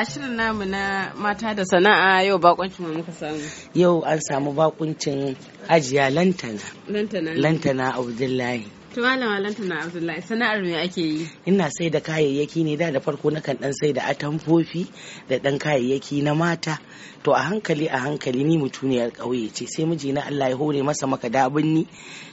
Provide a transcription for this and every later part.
a shirin namu na mata da sana'a yau bakuncin mu muka samu. Yau an samu bakuncin ajiya lantana. Lantana. Lantana Abdullahi. Tuwala walanta na Abdullahi sana'ar me ake yi? Ina sai da kayayyaki ne da da farko nakan dan sai da atamfofi da dan kayayyaki na mata. To a hankali a hankali ni mutuniyar ƙauye ce sai na Allah ya hore masa maka dabinni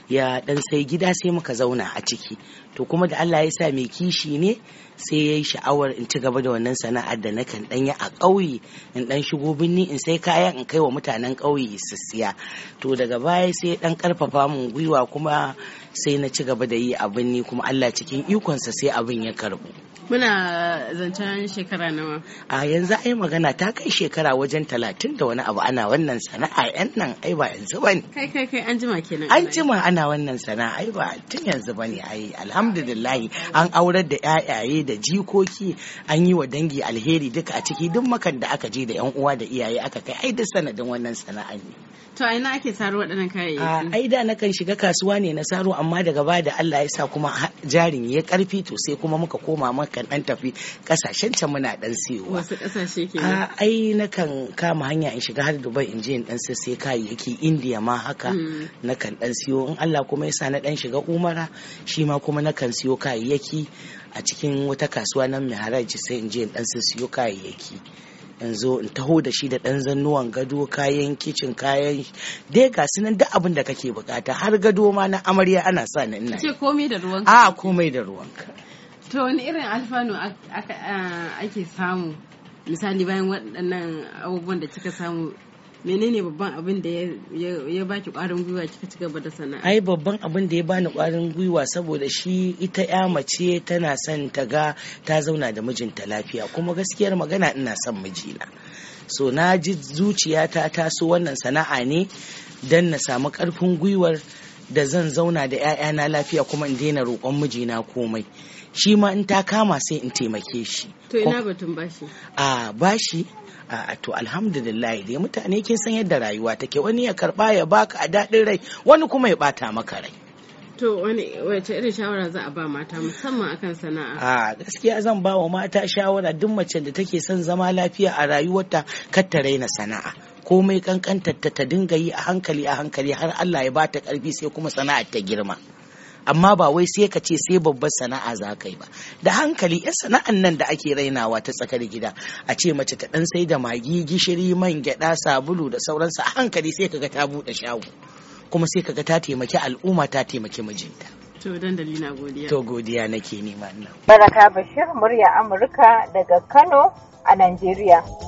ya dan sai gida sai muka zauna a ciki. To kuma da Allah ya sa mai kishi ne sai ya yi sha'awar in ci gaba da wannan sana'ar da nakan dan yi a ƙauye in dan shigo binni in sai kayan in kai wa mutanen ƙauye su siya. To daga baya sai dan karfafa mun gwiwa kuma sai na ci gaba da yi abin ni kuma Allah cikin ikonsa sai abin ya karbu Muna zancen shekara nawa. A yanzu ai magana ta kai shekara wajen talatin da wani abu ana wannan sana'a yan nan ai ba yanzu bane. Kai kai kai an jima kenan. An jima ana wannan sana'a ai ba tun yanzu bane ai alhamdulillah an aurar da yayaye da jikoki an yi wa dangi alheri duka a ciki duk makan da aka je da yan uwa da iyaye aka kai ai duk sanadin wannan sana'a ne. To a ina ake saro waɗannan kayayyaki? Ai da nakan shiga kasuwa ne na saro amma daga ba da Allah ya sa kuma jarin ya karfi to sai kuma muka koma maka kan dan tafi kasashen can muna dan siyowa wasu kasashe ke ai nakan kama hanya in shiga har Dubai in je in dan sai kayayyaki India ma haka hmm. nakan dan siyo in Allah kuma yasa na dan shiga Umara shi ma kuma nakan siyo kayayyaki a cikin wata kasuwa nan mai haraji sai in je in dan siyo kayayyaki yanzu in taho da shi da ɗan zannuwan gado kayan kicin kayan dai ga su nan duk abin da kake bukata har gado ma na amarya ana sa ni ina ce komai da ruwanka a komai da ruwanka to wani irin alfanu ake samu misali bayan waɗannan abubuwan da kika samu menene babban abin da ya baki ƙwarin gwiwa kika ci gaba da sana'a ai babban abin da ya bani ƙwarin gwiwa saboda shi ita ya mace tana son ta ga ta zauna da mijinta lafiya kuma gaskiyar magana ina son mijina so na ji zuciyata ta so wannan sana'a ne don na samu ƙarfin gwiwar da zan zauna da 'ya'yana lafiya kuma in daina roƙon mijina komai shi ma in ta kama sai in taimake shi to ina batun bashi a bashi a to alhamdulillah dai mutane kin san yadda rayuwa take wani ya karba ya baka a daɗin rai wani kuma ya bata maka rai To wani wace irin shawara za a ba mata musamman akan sana'a? A gaskiya zan ba wa mata shawara duk mace da take son zama lafiya a rayuwarta kar ta raina sana'a. Komai kankantar ta dinga yi a hankali a hankali har Allah ya bata karfi sai kuma sana'ar ta girma. amma ba wai sai ka ce sai babbar sana'a za ka yi ba da hankali yan sana'an nan da ake rainawa ta tsakar gida a ce mace ta dan sai da magi gishiri man gyada sabulu da sauransu a hankali sai kaga ta bude shago kuma sai kaga ta taimaki al'umma ta taimaki mijinta to dan na godiya to godiya nake nema Allah baraka bashir murya amurka daga kano a najeriya